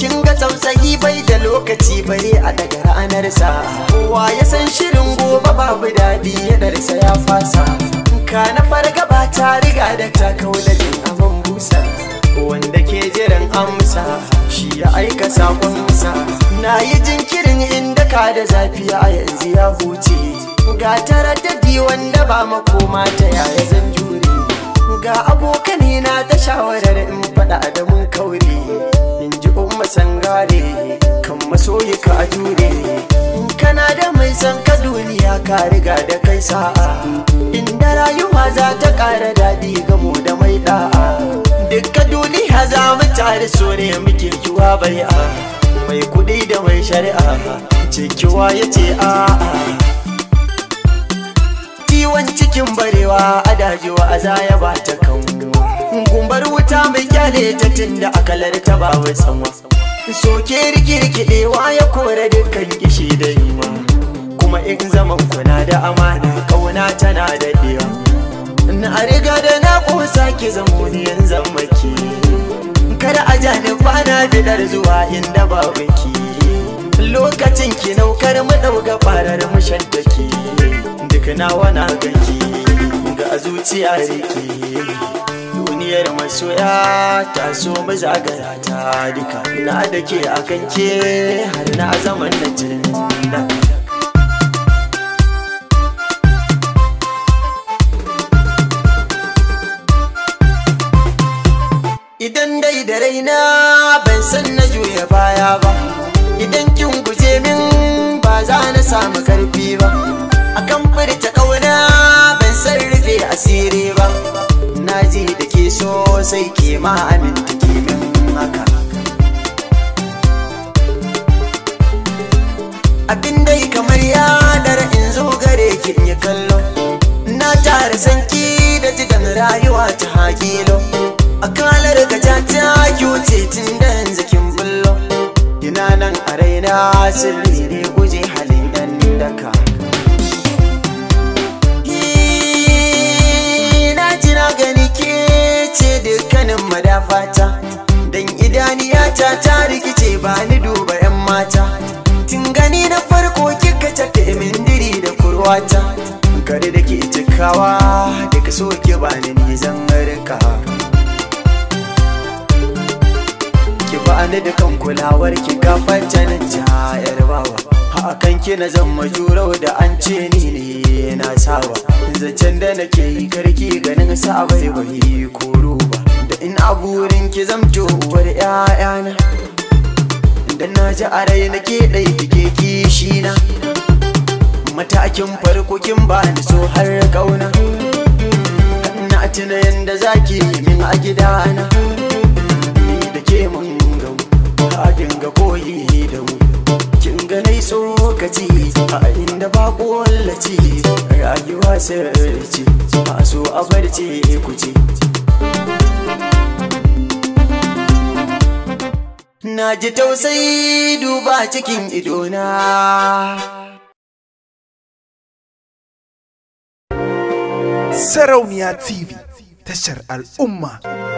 kin ga tsautsayi bai da lokaci bare a daga ranarsa kowa ya san shirin gobe babu daɗi ya darsa ya fasa ka na farga ba ta riga da ta kawo abin busa wanda ke jiran amsa shi ya aika sakonsa na yi jinkirin inda ka da zafi a yanzu ya huce ga taraddadi wanda ba makoma ta yaya zan jure ga abokanina ta shawarar in faɗa da mun kauri sangare, kan masoyi ka jure kana da mai san ka duniya ka riga da kai sa'a inda rayuwa za ta ƙara daɗi gamo da mai da'a duka duniya za mu tare so ne muke kiwa bai'a mai kuɗi da mai shari'a kiwa ya ce a'a kiwon cikin barewa adajewa a zaya ba ta kanmu gumbar wuta mai kyale ta tunda akalar ta ba wai sanwa soke rikirkidewa ya kore dukkan kishi da yunwa kuma in zaman na da amana kauna tana da dewa na riga da na kusa ki zamo ni yan kada a ja ni bana bidar zuwa inda babu ki lokacin ki naukar mu dauga farar mu shaddaki duk nawa na ganki ga zuciya duniyar masoya ta so mazagara ta duka na da ke kan ke har na zaman da jirgin Idan dai da raina ban san na juya baya ba, idan kin guje min ba za na samu karfi ba, akan furta ƙauna ban san rufe asiri ba. sai ke ma aminta ke min haka abin dai kamar ya dar in zo gare ki in kallo na tare sanki da jigan rayuwa ta hakilo A akalar gaja ta kyuce tun da yanzu kin bullo ina nan a raina sirri ne guje halin dan daka fata dan idaniyata ta rikice ba ni duba yan mata tun gani na farko kika ta min diri da kurwata kare da ke cikawa da ka so ki ba ni ni zan rika ki ba ni da kan kulawar ki gafata nan ta yar bawa a akan ki na zan majurau da an ce ni ne na sawa zancen da nake yi karki ganin sa bai bai ku a burin ki zamto uwar ƴaƴana da na ji a rai na ke ɗai kike kishi na matakin farko kin ba ni so har kauna na tuna yanda zaki min a gidana ni da ke mun ga ka dinga koyi da mu kin ga nai tsokaci a inda ba wallaci rayuwa sai ce ba so a barci ku ce na ji tausayi duba cikin idona. Sarauniya TV, tashar al'umma.